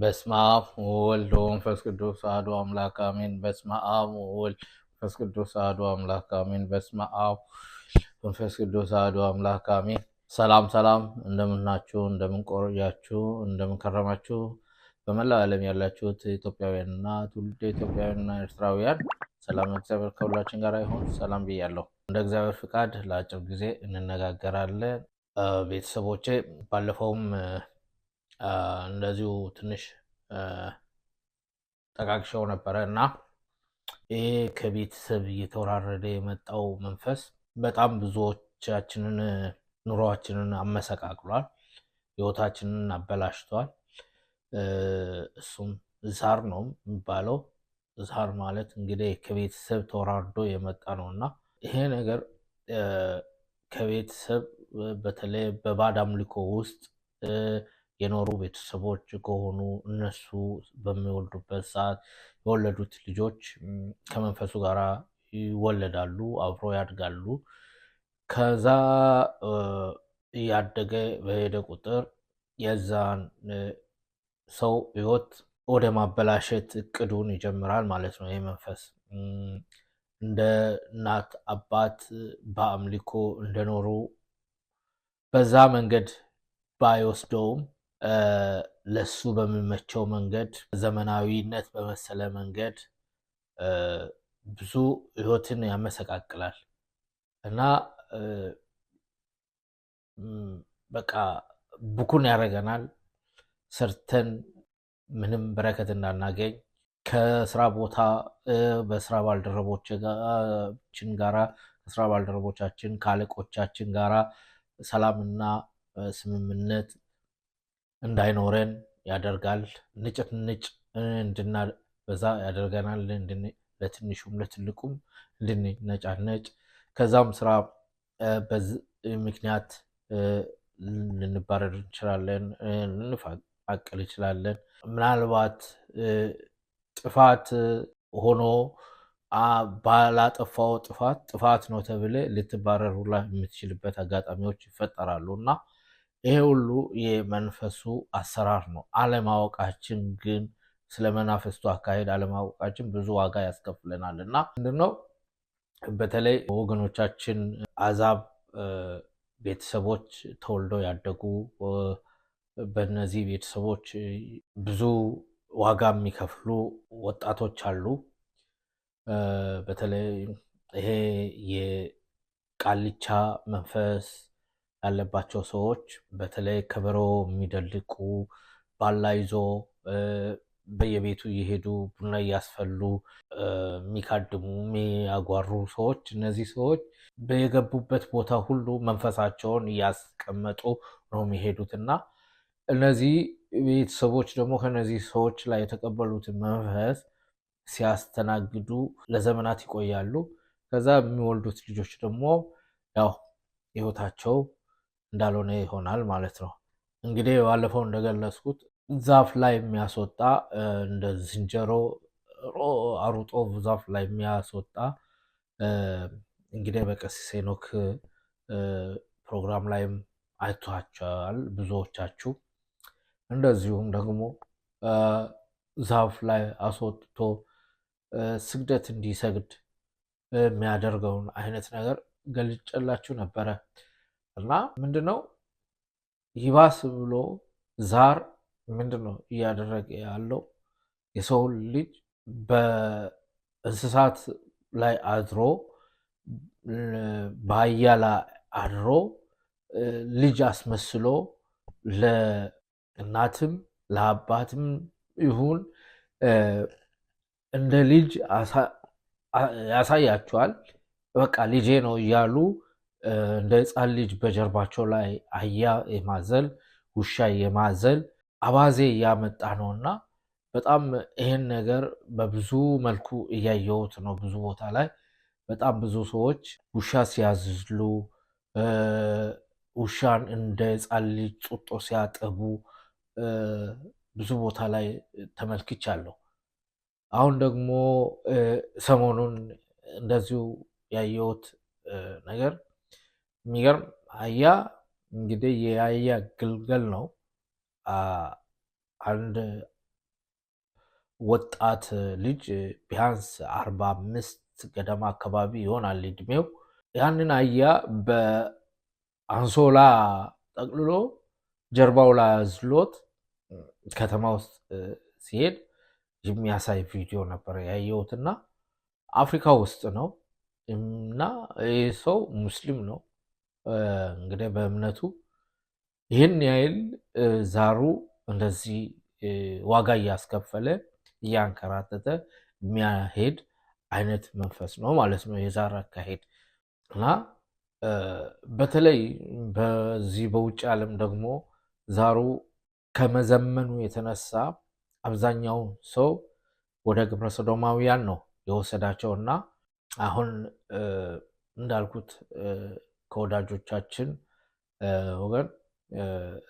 በስመ አብ ወወልድ ወመንፈስ ቅዱስ አሐዱ አምላክ አሜን። በስመ አብ ወወልድ መንፈስ ቅዱስ አሐዱ አምላክ አሜን። በስመ አብ ቅዱስ አሐዱ አምላክ አሜን። ሰላም ሰላም፣ እንደምናችሁ፣ እንደምንቆያችሁ፣ እንደምንከረማችሁ በመላው ዓለም ያላችሁት ኢትዮጵያውያንና ትውልደ ኢትዮጵያውያንና ኤርትራውያን ሰላም እግዚአብሔር ከሁላችን ጋር ይሁን። ሰላም ብያለሁ። እንደ እግዚአብሔር ፍቃድ ለአጭር ጊዜ እንነጋገራለን። ቤተሰቦቼ ባለፈውም እንደዚሁ ትንሽ ጠቃቅሸው ነበረ እና ይሄ ከቤተሰብ እየተወራረደ የመጣው መንፈስ በጣም ብዙዎቻችንን ኑሯችንን አመሰቃቅሏል፣ ህይወታችንን አበላሽቷል። እሱም ዛር ነው የሚባለው። ዛር ማለት እንግዲህ ከቤተሰብ ተወራርዶ የመጣ ነው እና ይሄ ነገር ከቤተሰብ በተለይ በባዕድ አምልኮ ውስጥ የኖሩ ቤተሰቦች ከሆኑ እነሱ በሚወልዱበት ሰዓት የወለዱት ልጆች ከመንፈሱ ጋር ይወለዳሉ፣ አብሮ ያድጋሉ። ከዛ እያደገ በሄደ ቁጥር የዛን ሰው ህይወት ወደ ማበላሸት እቅዱን ይጀምራል ማለት ነው። ይህ መንፈስ እንደ እናት አባት በአምልኮ እንደኖሩ በዛ መንገድ ባይወስደውም ለሱ በሚመቸው መንገድ ዘመናዊነት በመሰለ መንገድ ብዙ ህይወትን ያመሰቃቅላል እና በቃ ብኩን ያደርገናል። ሰርተን ምንም በረከት እንዳናገኝ ከስራ ቦታ በስራ ባልደረቦቻችን ጋራ ከስራ ባልደረቦቻችን ከአለቆቻችን ጋራ ሰላምና ስምምነት እንዳይኖረን ያደርጋል። ንጭት ንጭትንጭ እንድናበዛ ያደርገናል። ለትንሹም ለትልቁም እንድንነጫነጭ ከዛም ስራ ምክንያት ልንባረር እንችላለን፣ ልንፋቀል እንችላለን። ምናልባት ጥፋት ሆኖ ባላጠፋው ጥፋት ጥፋት ነው ተብለ ልትባረር ሁላ የምትችልበት አጋጣሚዎች ይፈጠራሉ እና ይሄ ሁሉ የመንፈሱ አሰራር ነው። አለማወቃችን ግን ስለ መናፍስቱ አካሄድ አለማወቃችን ብዙ ዋጋ ያስከፍለናል እና ምንድነው በተለይ ወገኖቻችን አዛብ ቤተሰቦች ተወልደው ያደጉ በነዚህ ቤተሰቦች ብዙ ዋጋ የሚከፍሉ ወጣቶች አሉ። በተለይ ይሄ የቃልቻ መንፈስ ያለባቸው ሰዎች በተለይ ከበሮ የሚደልቁ ባላ ይዞ በየቤቱ እየሄዱ ቡና እያስፈሉ የሚካድሙ የሚያጓሩ ሰዎች እነዚህ ሰዎች በየገቡበት ቦታ ሁሉ መንፈሳቸውን እያስቀመጡ ነው የሚሄዱት እና እነዚህ ቤተሰቦች ደግሞ ከነዚህ ሰዎች ላይ የተቀበሉትን መንፈስ ሲያስተናግዱ ለዘመናት ይቆያሉ። ከዛ የሚወልዱት ልጆች ደግሞ ያው ህይወታቸው እንዳልሆነ ይሆናል ማለት ነው። እንግዲህ ባለፈው እንደገለጽኩት ዛፍ ላይ የሚያስወጣ እንደ ዝንጀሮ አሩጦ ዛፍ ላይ የሚያስወጣ እንግዲህ በቀሲስ ሄኖክ ፕሮግራም ላይም አይቷቸዋል ብዙዎቻችሁ። እንደዚሁም ደግሞ ዛፍ ላይ አስወጥቶ ስግደት እንዲሰግድ የሚያደርገውን አይነት ነገር ገልጨላችሁ ነበረ። እና ነው? ይባስ ብሎ ዛር ምንድነው እያደረገ ያለው የሰውን ልጅ በእንስሳት ላይ አድሮ በአህያ ላይ አድሮ ልጅ አስመስሎ ለእናትም ለአባትም ይሁን እንደ ልጅ ያሳያቸዋል። በቃ ልጄ ነው እያሉ እንደ ህፃን ልጅ በጀርባቸው ላይ አያ የማዘል ውሻ የማዘል አባዜ እያመጣ ነው እና በጣም ይሄን ነገር በብዙ መልኩ እያየሁት ነው። ብዙ ቦታ ላይ በጣም ብዙ ሰዎች ውሻ ሲያዝሉ፣ ውሻን እንደ ህፃን ልጅ ጡጦ ሲያጠቡ ብዙ ቦታ ላይ ተመልክቻለሁ። አሁን ደግሞ ሰሞኑን እንደዚሁ ያየሁት ነገር የሚገርም አያ እንግዲህ የአያ ግልገል ነው። አንድ ወጣት ልጅ ቢያንስ አርባ አምስት ገደማ አካባቢ ይሆናል እድሜው። ያንን አያ በአንሶላ ጠቅልሎ ጀርባው ላይ አዝሎት ከተማ ውስጥ ሲሄድ የሚያሳይ ቪዲዮ ነበር ያየውትና አፍሪካ ውስጥ ነው እና ይህ ሰው ሙስሊም ነው እንግዲህ በእምነቱ ይህን ያህል ዛሩ እንደዚህ ዋጋ እያስከፈለ እያንከራተተ የሚያሄድ አይነት መንፈስ ነው ማለት ነው የዛር አካሄድ እና በተለይ በዚህ በውጭ ዓለም ደግሞ ዛሩ ከመዘመኑ የተነሳ አብዛኛው ሰው ወደ ግብረ ሰዶማውያን ነው የወሰዳቸው እና አሁን እንዳልኩት ከወዳጆቻችን ወገን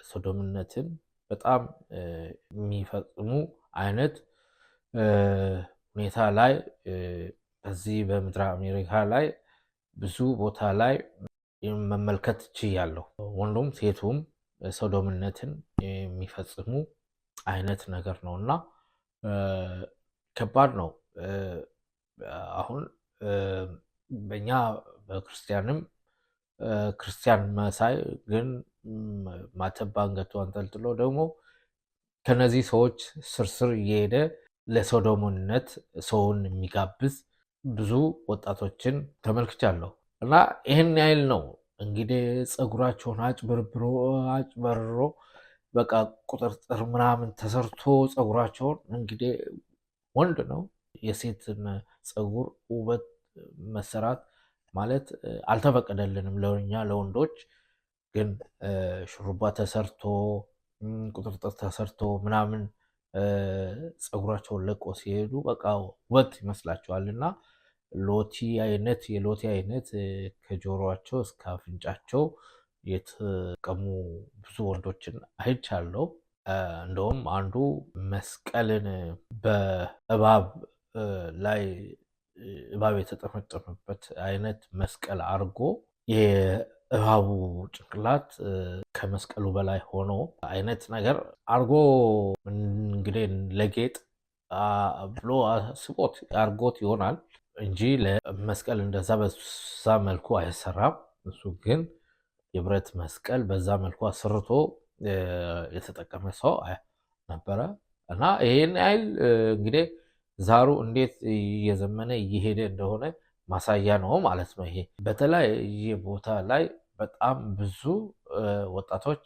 ሶዶምነትን በጣም የሚፈጽሙ አይነት ሁኔታ ላይ በዚህ በምድረ አሜሪካ ላይ ብዙ ቦታ ላይ መመልከት ችያለሁ። ወንዱም ሴቱም ሶዶምነትን የሚፈጽሙ አይነት ነገር ነው እና ከባድ ነው። አሁን በኛ በክርስቲያንም ክርስቲያን መሳይ ግን ማተብ አንገቱ አንጠልጥሎ ደግሞ ከነዚህ ሰዎች ስርስር እየሄደ ለሶዶሞነት ሰውን የሚጋብዝ ብዙ ወጣቶችን ተመልክቻለሁ። እና ይህን ያህል ነው እንግዲህ ፀጉራቸውን አጭበርብሮ አጭበርሮ በቃ ቁጥርጥር ምናምን ተሰርቶ ፀጉራቸውን እንግዲህ ወንድ ነው የሴትን ፀጉር ውበት መሰራት ማለት አልተፈቀደልንም ለኛ ለወንዶች። ግን ሹሩባ ተሰርቶ ቁጥርጥር ተሰርቶ ምናምን ፀጉራቸውን ለቆ ሲሄዱ በቃ ውበት ይመስላቸዋል እና ሎቲ አይነት የሎቲ አይነት ከጆሮቸው እስከ አፍንጫቸው የተቀሙ ብዙ ወንዶችን አይቻለው። እንደውም አንዱ መስቀልን በእባብ ላይ እባብ የተጠመጠመበት አይነት መስቀል አድርጎ የእባቡ ጭንቅላት ከመስቀሉ በላይ ሆኖ አይነት ነገር አድርጎ እንግዲህ ለጌጥ ብሎ አስቦት አድርጎት ይሆናል እንጂ ለመስቀል እንደዛ በዛ መልኩ አይሰራም። እሱ ግን የብረት መስቀል በዛ መልኩ አስርቶ የተጠቀመ ሰው ነበረ እና ይህን ያህል እንግዲህ ዛሩ እንዴት እየዘመነ እየሄደ እንደሆነ ማሳያ ነው ማለት ነው። ይሄ በተለያየ ቦታ ላይ በጣም ብዙ ወጣቶች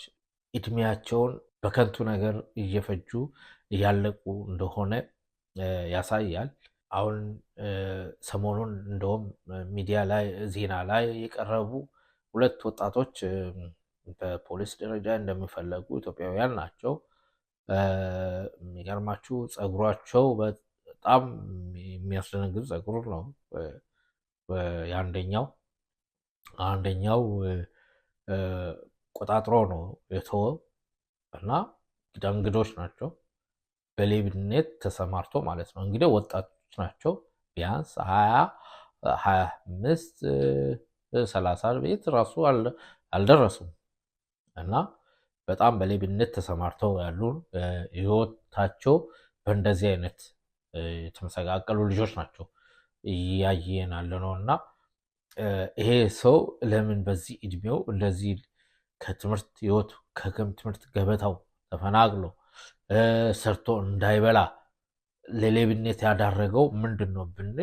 እድሜያቸውን በከንቱ ነገር እየፈጁ እያለቁ እንደሆነ ያሳያል። አሁን ሰሞኑን እንደውም ሚዲያ ላይ ዜና ላይ የቀረቡ ሁለት ወጣቶች በፖሊስ ደረጃ እንደሚፈለጉ ኢትዮጵያውያን ናቸው። የሚገርማችሁ ፀጉሯቸው በጣም የሚያስደነግጥ ጸጉር ነው። የአንደኛው አንደኛው ቆጣጥሮ ነው የተወው እና እንግዶች ናቸው። በሌብነት ተሰማርቶ ማለት ነው። እንግዲህ ወጣቶች ናቸው። ቢያንስ ሀያ ሀያ አምስት ሰላሳ ቤት ራሱ አልደረሱም እና በጣም በሌብነት ተሰማርተው ያሉ ህይወታቸው በእንደዚህ አይነት የተመሰቃቀሉ ልጆች ናቸው እያየን አለ ነው እና ይሄ ሰው ለምን በዚህ እድሜው እንደዚህ ከትምህርት ህይወቱ ከገም ትምህርት ገበታው ተፈናቅሎ ሰርቶ እንዳይበላ ለሌብነት ያዳረገው ምንድን ነው ብንል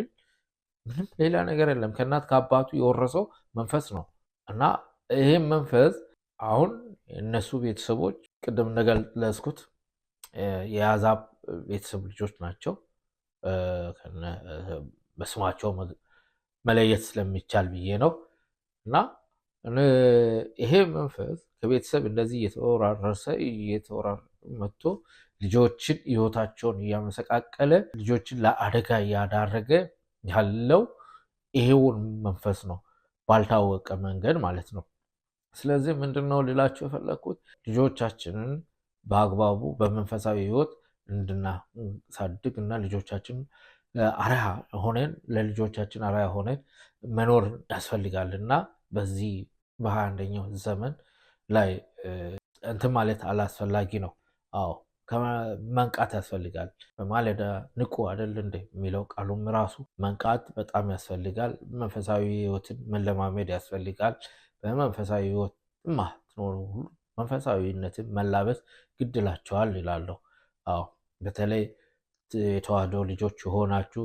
ምንም ሌላ ነገር የለም። ከእናት ከአባቱ የወረሰው መንፈስ ነው እና ይህም መንፈስ አሁን እነሱ ቤተሰቦች ቅድም እንደገለጽኩት የአዛብ ቤተሰብ ልጆች ናቸው። በስማቸው መለየት ስለሚቻል ብዬ ነው። እና ይሄ መንፈስ ከቤተሰብ እንደዚህ እየተወራረሰ እየተወራረ መጥቶ ልጆችን ህይወታቸውን እያመሰቃቀለ ልጆችን ለአደጋ እያዳረገ ያለው ይሄውን መንፈስ ነው፣ ባልታወቀ መንገድ ማለት ነው። ስለዚህ ምንድን ነው ልላቸው የፈለግኩት ልጆቻችንን በአግባቡ በመንፈሳዊ ህይወት እንድናሳድግ እና ልጆቻችን አርያ ሆነን ለልጆቻችን አርያ ሆነን መኖር ያስፈልጋል እና በዚህ በሀያ አንደኛው ዘመን ላይ እንትን ማለት አላስፈላጊ ነው። አዎ መንቃት ያስፈልጋል። በማለዳ ንቁ አይደል እንደ የሚለው ቃሉም ራሱ መንቃት በጣም ያስፈልጋል። መንፈሳዊ ህይወትን መለማመድ ያስፈልጋል። በመንፈሳዊ ሕይወት ማትኖሩ ሁሉ መንፈሳዊነትን መላበስ ግድላቸዋል ይላለሁ። አዎ በተለይ የተዋህዶ ልጆች የሆናችሁ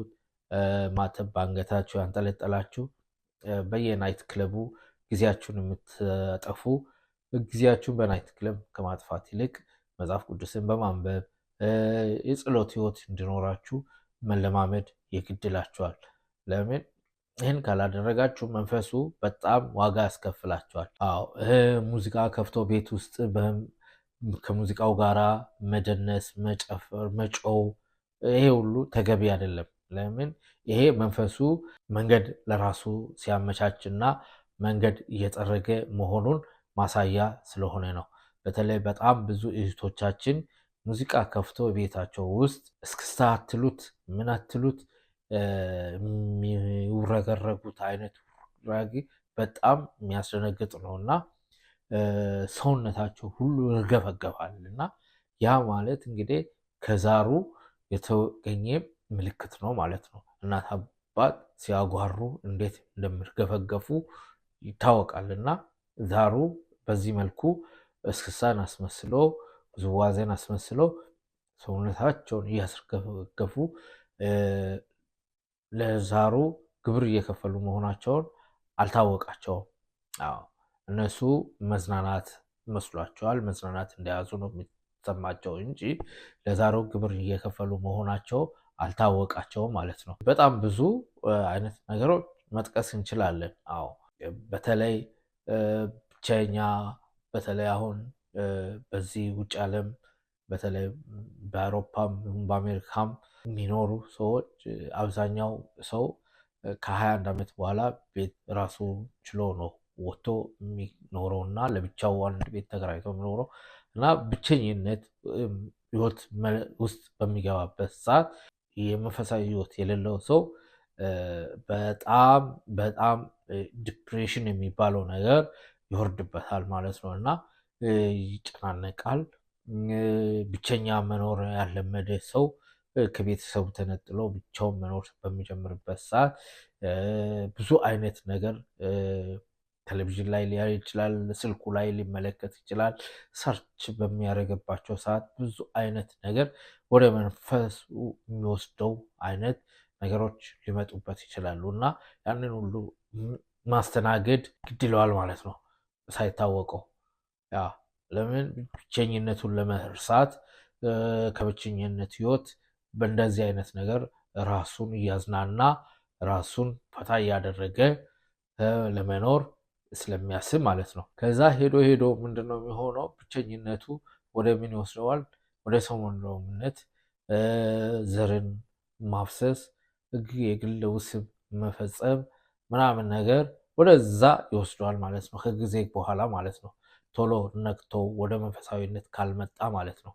ማተብ በአንገታችሁ ያንጠለጠላችሁ በየናይት ክለቡ ጊዜያችሁን የምትጠፉ ጊዜያችሁን በናይት ክለብ ከማጥፋት ይልቅ መጽሐፍ ቅዱስን በማንበብ የጸሎት ህይወት እንዲኖራችሁ መለማመድ የግድላችኋል። ለምን ይህን ካላደረጋችሁ መንፈሱ በጣም ዋጋ ያስከፍላችኋል። አዎ ሙዚቃ ከፍቶ ቤት ውስጥ ከሙዚቃው ጋራ መደነስ፣ መጨፈር፣ መጮው ይሄ ሁሉ ተገቢ አይደለም። ለምን ይሄ መንፈሱ መንገድ ለራሱ ሲያመቻች እና መንገድ እየጠረገ መሆኑን ማሳያ ስለሆነ ነው። በተለይ በጣም ብዙ እህቶቻችን ሙዚቃ ከፍቶ ቤታቸው ውስጥ እስክስታ አትሉት ምን አትሉት የሚውረገረጉት አይነት በጣም የሚያስደነግጥ ነው እና ሰውነታቸው ሁሉ ይርገፈገፋል እና ያ ማለት እንግዲህ ከዛሩ የተገኘ ምልክት ነው ማለት ነው። እናት አባት ሲያጓሩ እንዴት እንደሚርገፈገፉ ይታወቃል እና ዛሩ በዚህ መልኩ እስክሳን አስመስሎ ውዝዋዜን አስመስሎ ሰውነታቸውን እያስርገፈገፉ ለዛሩ ግብር እየከፈሉ መሆናቸውን አልታወቃቸውም። እነሱ መዝናናት መስሏቸዋል። መዝናናት እንደያዙ ነው የሚሰማቸው እንጂ ለዛሬው ግብር እየከፈሉ መሆናቸው አልታወቃቸውም ማለት ነው። በጣም ብዙ አይነት ነገሮች መጥቀስ እንችላለን። አዎ በተለይ ብቸኛ በተለይ አሁን በዚህ ውጭ ዓለም በተለይ በአውሮፓም በአሜሪካም የሚኖሩ ሰዎች አብዛኛው ሰው ከሀያ አንድ ዓመት በኋላ ቤት ራሱ ችሎ ነው ወጥቶ የሚኖረው እና ለብቻው አንድ ቤት ተከራይቶ የሚኖረው እና ብቸኝነት ህይወት ውስጥ በሚገባበት ሰዓት የመንፈሳዊ ህይወት የሌለው ሰው በጣም በጣም ዲፕሬሽን የሚባለው ነገር ይወርድበታል ማለት ነው እና ይጨናነቃል። ብቸኛ መኖር ያለመደ ሰው ከቤተሰቡ ተነጥሎ ብቻውን መኖር በሚጀምርበት ሰዓት ብዙ አይነት ነገር ቴሌቪዥን ላይ ሊያይ ይችላል፣ ስልኩ ላይ ሊመለከት ይችላል። ሰርች በሚያደርግባቸው ሰዓት ብዙ አይነት ነገር ወደ መንፈሱ የሚወስደው አይነት ነገሮች ሊመጡበት ይችላሉ እና ያንን ሁሉ ማስተናገድ ግድ ይለዋል ማለት ነው። ሳይታወቀው ያ ለምን ብቸኝነቱን ለመርሳት ከብቸኝነት ህይወት በእንደዚህ አይነት ነገር ራሱን እያዝናና ራሱን ፈታ እያደረገ ለመኖር ስለሚያስብ ማለት ነው። ከዛ ሄዶ ሄዶ ምንድነው የሚሆነው? ብቸኝነቱ ወደ ምን ይወስደዋል? ወደ ሰሞኑነት፣ ዘርን ማፍሰስ፣ የግል ውስብ መፈጸም ምናምን ነገር ወደዛ ይወስደዋል ማለት ነው። ከጊዜ በኋላ ማለት ነው። ቶሎ ነቅቶ ወደ መንፈሳዊነት ካልመጣ ማለት ነው።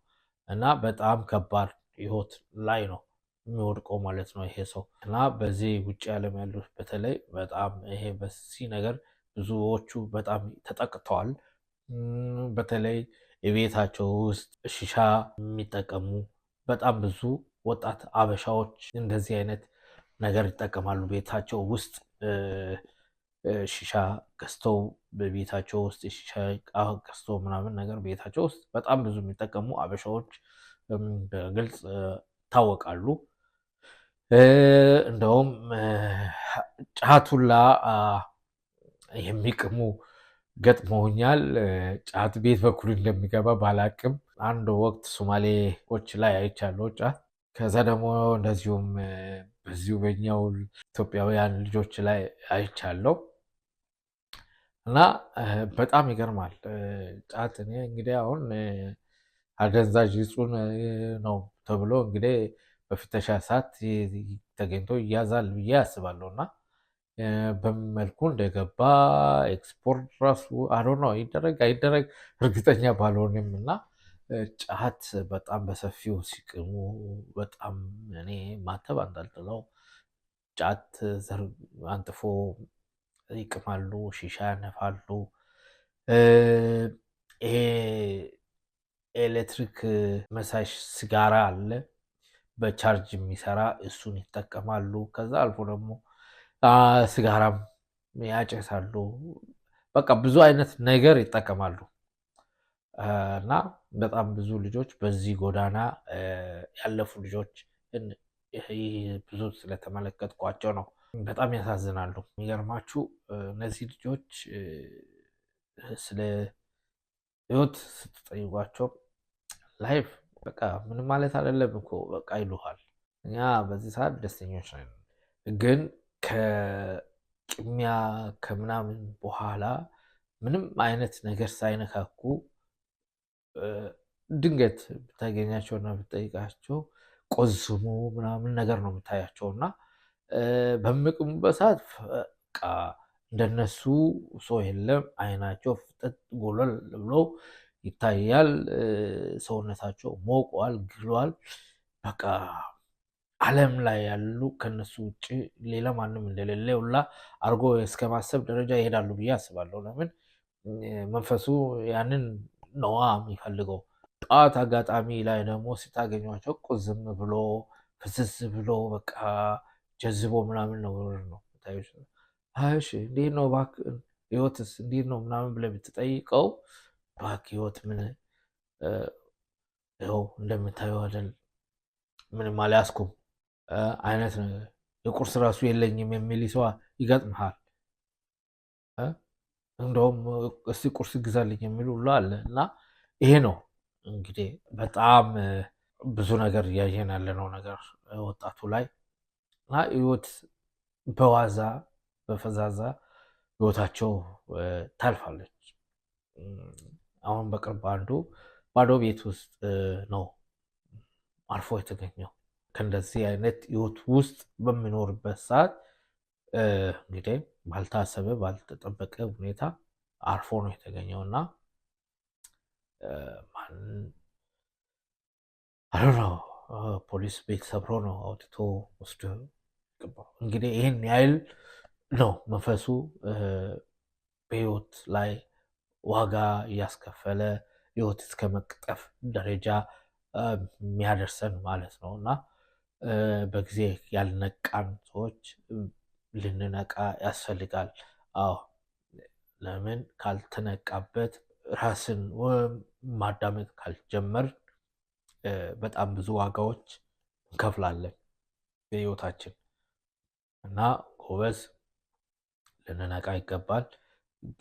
እና በጣም ከባድ ህይወት ላይ ነው የሚወድቀው ማለት ነው ይሄ ሰው እና በዚህ ውጭ ዓለም ያሉት በተለይ በጣም ይሄ በሲ ነገር ብዙዎቹ በጣም ተጠቅተዋል። በተለይ የቤታቸው ውስጥ ሽሻ የሚጠቀሙ በጣም ብዙ ወጣት አበሻዎች እንደዚህ አይነት ነገር ይጠቀማሉ። ቤታቸው ውስጥ ሽሻ ገዝተው በቤታቸው ውስጥ ሽሻ ገዝተው ምናምን ነገር ቤታቸው ውስጥ በጣም ብዙ የሚጠቀሙ አበሻዎች በግልጽ ይታወቃሉ። እንደውም ጫቱላ የሚቅሙ ገጥመውኛል። ጫት ቤት በኩል እንደሚገባ ባላቅም አንድ ወቅት ሶማሌዎች ላይ አይቻለው ጫት። ከዛ ደግሞ እንደዚሁም በዚሁ በኛው ኢትዮጵያውያን ልጆች ላይ አይቻለው እና በጣም ይገርማል። ጫት እኔ እንግዲህ አሁን አደንዛዥ እጹን ነው ተብሎ እንግዲህ በፍተሻ ሰዓት ተገኝቶ ይያዛል ብዬ አስባለሁ እና በምን መልኩ እንደገባ ኤክስፖርት ራሱ አሮ ነው ይደረግ አይደረግ እርግጠኛ ባልሆንም እና ጫት በጣም በሰፊው ሲቅሙ በጣም እኔ ማተብ አንጠልጥለው ጫት አንጥፎ ይቅማሉ፣ ሺሻ ያነፋሉ። ይሄ ኤሌክትሪክ መሳሽ ስጋራ አለ፣ በቻርጅ የሚሰራ እሱን ይጠቀማሉ። ከዛ አልፎ ደግሞ ስጋራም ያጨሳሉ። በቃ ብዙ አይነት ነገር ይጠቀማሉ እና በጣም ብዙ ልጆች በዚህ ጎዳና ያለፉ ልጆች ብዙ ስለተመለከትኳቸው ነው። በጣም ያሳዝናሉ። የሚገርማችሁ እነዚህ ልጆች ስለ ህይወት ስትጠይቋቸው ላይፍ በቃ ምንም ማለት አይደለም እኮ በቃ ይሉሃል። እኛ በዚህ ሰዓት ደስተኞች ነን ግን ከቅሚያ ከምናምን በኋላ ምንም አይነት ነገር ሳይነካኩ ድንገት ብታገኛቸውና ብጠይቃቸው ቆዝሙ ምናምን ነገር ነው የምታያቸው እና በሚቅሙበት ሰዓት በቃ እንደነሱ ሰው የለም። አይናቸው ፍጠጥ ጎለል ብሎ ይታያል። ሰውነታቸው ሞቋል፣ ግሏል። በቃ ዓለም ላይ ያሉ ከነሱ ውጭ ሌላ ማንም እንደሌለ ሁላ አድርጎ እስከ ማሰብ ደረጃ ይሄዳሉ ብዬ አስባለሁ። ለምን መንፈሱ ያንን ነዋ የሚፈልገው። ጠዋት አጋጣሚ ላይ ደግሞ ስታገኟቸው ቁዝም ብሎ ፍስስ ብሎ በቃ ጀዝቦ ምናምን ነው ነው ታሽ እንዴት ነው ባክ ህይወትስ እንዴት ነው ምናምን ብለ ብትጠይቀው ባክ ህይወት ምን ይኸው እንደምታየው አይደል ምንም አልያዝኩም አይነት የቁርስ ራሱ የለኝም የሚል ሰው ይገጥምሃል። እንደውም እስቲ ቁርስ ይግዛልኝ የሚል ሁሉ አለ እና ይሄ ነው እንግዲህ በጣም ብዙ ነገር እያየን ያለነው ነገር ወጣቱ ላይ እና ህይወት በዋዛ በፈዛዛ ህይወታቸው ታልፋለች። አሁን በቅርብ አንዱ ባዶ ቤት ውስጥ ነው አርፎ የተገኘው። ከእንደዚህ አይነት ህይወት ውስጥ በሚኖርበት ሰዓት እንግዲህ ባልታሰበ ባልተጠበቀ ሁኔታ አርፎ ነው የተገኘው እና አረራው ፖሊስ ቤት ሰብሮ ነው አውጥቶ ወስዶ እንግዲህ ይህን ያህል ነው መንፈሱ በህይወት ላይ ዋጋ እያስከፈለ ህይወት እስከ መቅጠፍ ደረጃ የሚያደርሰን ማለት ነው እና በጊዜ ያልነቃን ሰዎች ልንነቃ ያስፈልጋል። አዎ ለምን ካልተነቃበት ራስን ማዳመጥ ካልጀመር በጣም ብዙ ዋጋዎች እንከፍላለን በህይወታችን እና ጎበዝ ልንነቃ ይገባል።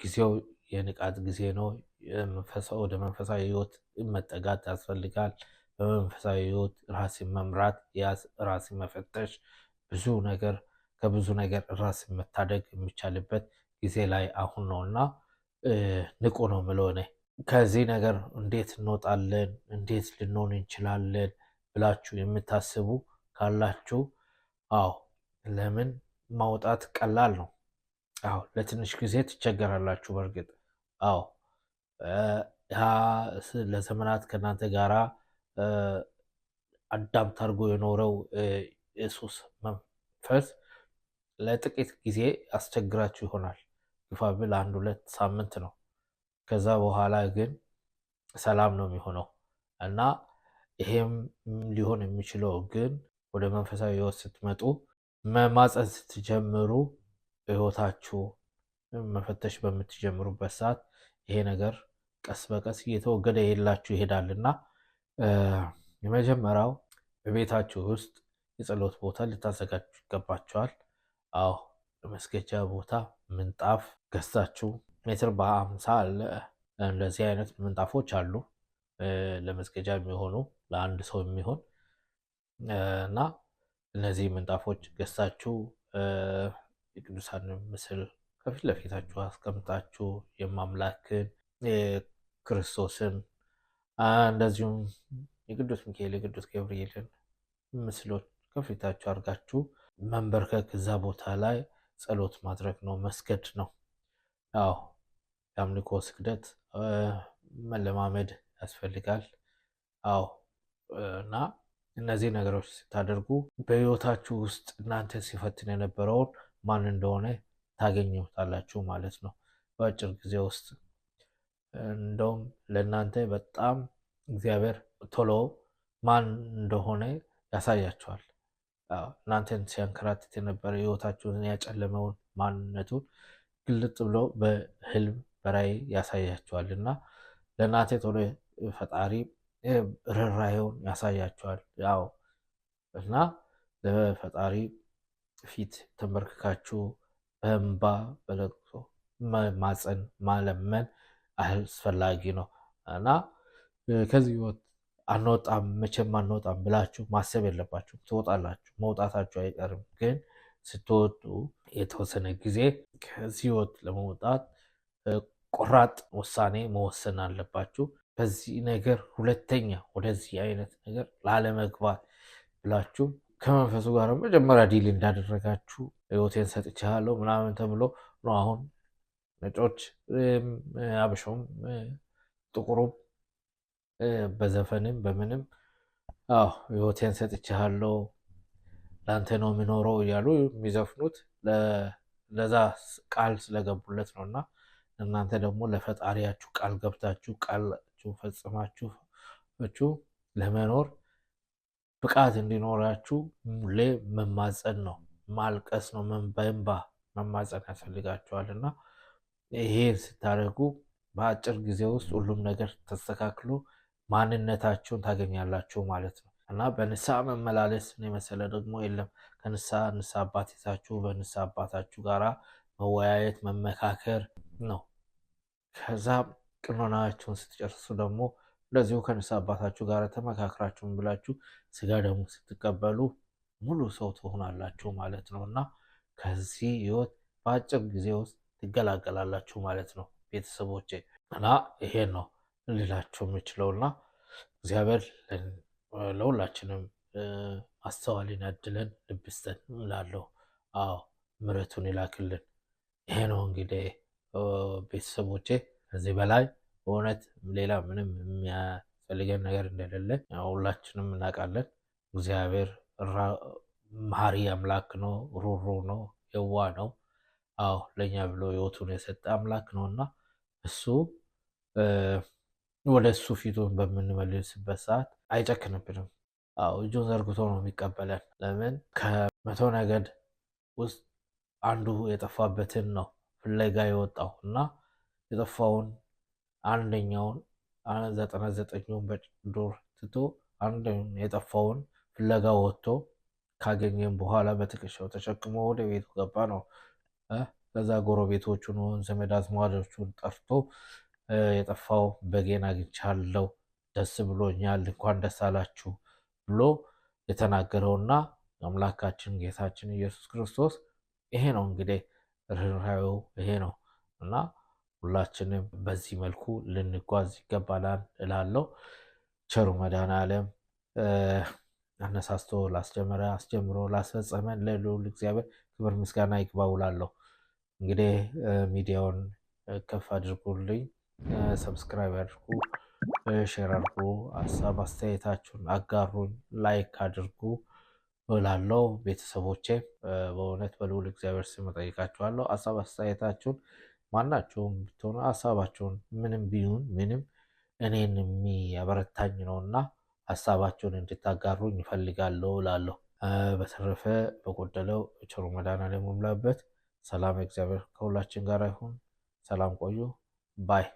ጊዜው የንቃት ጊዜ ነው። ወደ መንፈሳዊ ህይወት መጠጋት ያስፈልጋል። በመንፈሳዊ ህይወት ራሴን መምራት፣ ራሴን መፈተሽ፣ ብዙ ነገር ከብዙ ነገር ራሴን መታደግ የሚቻልበት ጊዜ ላይ አሁን ነው እና ንቁ ነው ምለሆነ እኔ። ከዚህ ነገር እንዴት እንወጣለን፣ እንዴት ልንሆን እንችላለን ብላችሁ የምታስቡ ካላችሁ፣ አዎ ለምን ማውጣት ቀላል ነው። አዎ ለትንሽ ጊዜ ትቸገራላችሁ። በእርግጥ አዎ ለዘመናት ከእናንተ ጋራ አዳምት አድርጎ የኖረው የሱስ መንፈስ ለጥቂት ጊዜ አስቸግራችሁ ይሆናል። ግፋ ብል አንድ ሁለት ሳምንት ነው። ከዛ በኋላ ግን ሰላም ነው የሚሆነው እና ይሄም ሊሆን የሚችለው ግን ወደ መንፈሳዊ ህይወት ስትመጡ መማፀን ስትጀምሩ ህይወታችሁ መፈተሽ በምትጀምሩበት ሰዓት ይሄ ነገር ቀስ በቀስ እየተወገደ የላችሁ ይሄዳልና የመጀመሪያው በቤታችሁ ውስጥ የጸሎት ቦታ ልታዘጋጁ ይገባችኋል። አዎ የመስገጃ ቦታ ምንጣፍ ገዝታችሁ ሜትር በአምሳ አለ። እንደዚህ አይነት ምንጣፎች አሉ ለመስገጃ የሚሆኑ ለአንድ ሰው የሚሆን እና እነዚህ ምንጣፎች ገዝታችሁ የቅዱሳን ምስል ከፊት ለፊታችሁ አስቀምጣችሁ የማምላክን የክርስቶስን እንደዚሁም የቅዱስ ሚካኤል የቅዱስ ገብርኤልን ምስሎች ከፊታችሁ አድርጋችሁ መንበርከክ እዛ ቦታ ላይ ጸሎት ማድረግ ነው፣ መስገድ ነው። ያው የአምልኮ ስግደት መለማመድ ያስፈልጋል። አዎ እና እነዚህ ነገሮች ስታደርጉ በህይወታችሁ ውስጥ እናንተ ሲፈትን የነበረውን ማን እንደሆነ ታገኙታላችሁ ማለት ነው በአጭር ጊዜ ውስጥ። እንደውም ለእናንተ በጣም እግዚአብሔር ቶሎ ማን እንደሆነ ያሳያቸዋል። እናንተን ሲያንከራትት የነበረ ህይወታችሁን ያጨለመውን ማንነቱን ግልጥ ብሎ በህልም በራይ ያሳያቸዋል እና ለእናንተ ቶሎ ፈጣሪ ርኅራኄውን ያሳያቸዋል። ያው እና ለፈጣሪ ፊት ተንበርክካችሁ በእንባ በለቅሶ ማፀን ማለመን አስፈላጊ ነው እና ከዚህ ህይወት አንወጣም መቼም አንወጣም ብላችሁ ማሰብ የለባችሁ። ትወጣላችሁ፣ መውጣታችሁ አይቀርም። ግን ስትወጡ የተወሰነ ጊዜ ከዚህ ህይወት ለመውጣት ቆራጥ ውሳኔ መወሰን አለባችሁ። በዚህ ነገር ሁለተኛ ወደዚህ አይነት ነገር ላለመግባት ብላችሁ ከመንፈሱ ጋር መጀመሪያ ዲል እንዳደረጋችሁ ህይወቴን ሰጥቻለሁ ምናምን ተብሎ ነው አሁን ነጮች፣ አበሻውም፣ ጥቁሩም በዘፈንም በምንም አዎ ህይወቴን ሰጥቼሃለሁ ለአንተ ነው የሚኖረው እያሉ የሚዘፍኑት ለዛ ቃል ስለገቡለት ነው። እና እናንተ ደግሞ ለፈጣሪያችሁ ቃል ገብታችሁ ቃላችሁ ፈጽማችሁ ለመኖር ብቃት እንዲኖራችሁ ሁሌ መማፀን ነው፣ ማልቀስ ነው፣ በእንባ መማፀን ያስፈልጋችኋል እና ይሄን ስታደርጉ በአጭር ጊዜ ውስጥ ሁሉም ነገር ተስተካክሎ ማንነታችሁን ታገኛላችሁ ማለት ነው እና በንስሐ መመላለስን የመሰለ ደግሞ የለም። ከንስሐ ንስሐ አባት ይዛችሁ በንስሐ አባታችሁ ጋራ መወያየት መመካከር ነው። ከዛ ቅኖናችሁን ስትጨርሱ ደግሞ እንደዚሁ ከንስሐ አባታችሁ ጋር ተመካክራችሁን ብላችሁ ስጋ ደግሞ ስትቀበሉ ሙሉ ሰው ትሆናላችሁ ማለት ነው እና ከዚህ ህይወት በአጭር ጊዜ ውስጥ ትገላገላላችሁ ማለት ነው ቤተሰቦቼ። እና ይሄን ነው ልላችሁ የምችለው እና እግዚአብሔር ለሁላችንም አስተዋልን ያድለን ልብስተን እላለሁ። አዎ ምረቱን ይላክልን። ይሄ ነው እንግዲህ ቤተሰቦቼ። ከዚህ በላይ በእውነት ሌላ ምንም የሚያስፈልገን ነገር እንደሌለ ሁላችንም እናውቃለን። እግዚአብሔር መሐሪ አምላክ ነው፣ ሩሩ ነው፣ የዋ ነው። አዎ ለእኛ ብሎ ህይወቱን የሰጠ አምላክ ነው እና እሱ ወደ እሱ ፊቱን በምንመልስበት ሰዓት አይጨክንብንም። አዎ እጁን ዘርግቶ ነው የሚቀበለን። ለምን ከመቶ ነገድ ውስጥ አንዱ የጠፋበትን ነው ፍለጋ የወጣው እና የጠፋውን አንደኛውን ዘጠና ዘጠኙን በዱር ትቶ አንደኛውን የጠፋውን ፍለጋ ወጥቶ ካገኘን በኋላ በትከሻው ተሸክሞ ወደ ቤቱ ገባ ነው። ከዛ ጎረቤቶቹን ወይም ዘመድ አዝማዶቹን ጠርቶ የጠፋው በጌን አግኝቻለሁ፣ ደስ ብሎኛል፣ እንኳን ደስ አላችሁ ብሎ የተናገረውና አምላካችን ጌታችን ኢየሱስ ክርስቶስ ይሄ ነው እንግዲህ ርኅራኄው ይሄ ነው እና ሁላችንም በዚህ መልኩ ልንጓዝ ይገባላል እላለሁ። ቸሩ መድኃኔዓለም አነሳስቶ ላስጀመረ አስጀምሮ ላስፈጸመን ለልዑል እግዚአብሔር ክብር ምስጋና ይግባውላለሁ። እንግዲህ ሚዲያውን ከፍ አድርጉልኝ፣ ሰብስክራይብ አድርጉ፣ ሼር አድርጉ፣ ሀሳብ አስተያየታችሁን አጋሩኝ፣ ላይክ አድርጉ እላለሁ። ቤተሰቦቼ በእውነት በልዑል እግዚአብሔር ስም ጠይቃችኋለሁ። ሀሳብ አስተያየታችሁን ማናችሁም ብትሆኑ ሀሳባችሁን ምንም ቢሆን ምንም እኔን የሚያበረታኝ ነው እና ሀሳባችሁን እንድታጋሩኝ ይፈልጋለሁ ላለሁ። በተረፈ በጎደለው ቸሩ መዳን አለሙላበት ሰላም እግዚአብሔር ከሁላችን ጋር ይሁን። ሰላም ቆዩ ባይ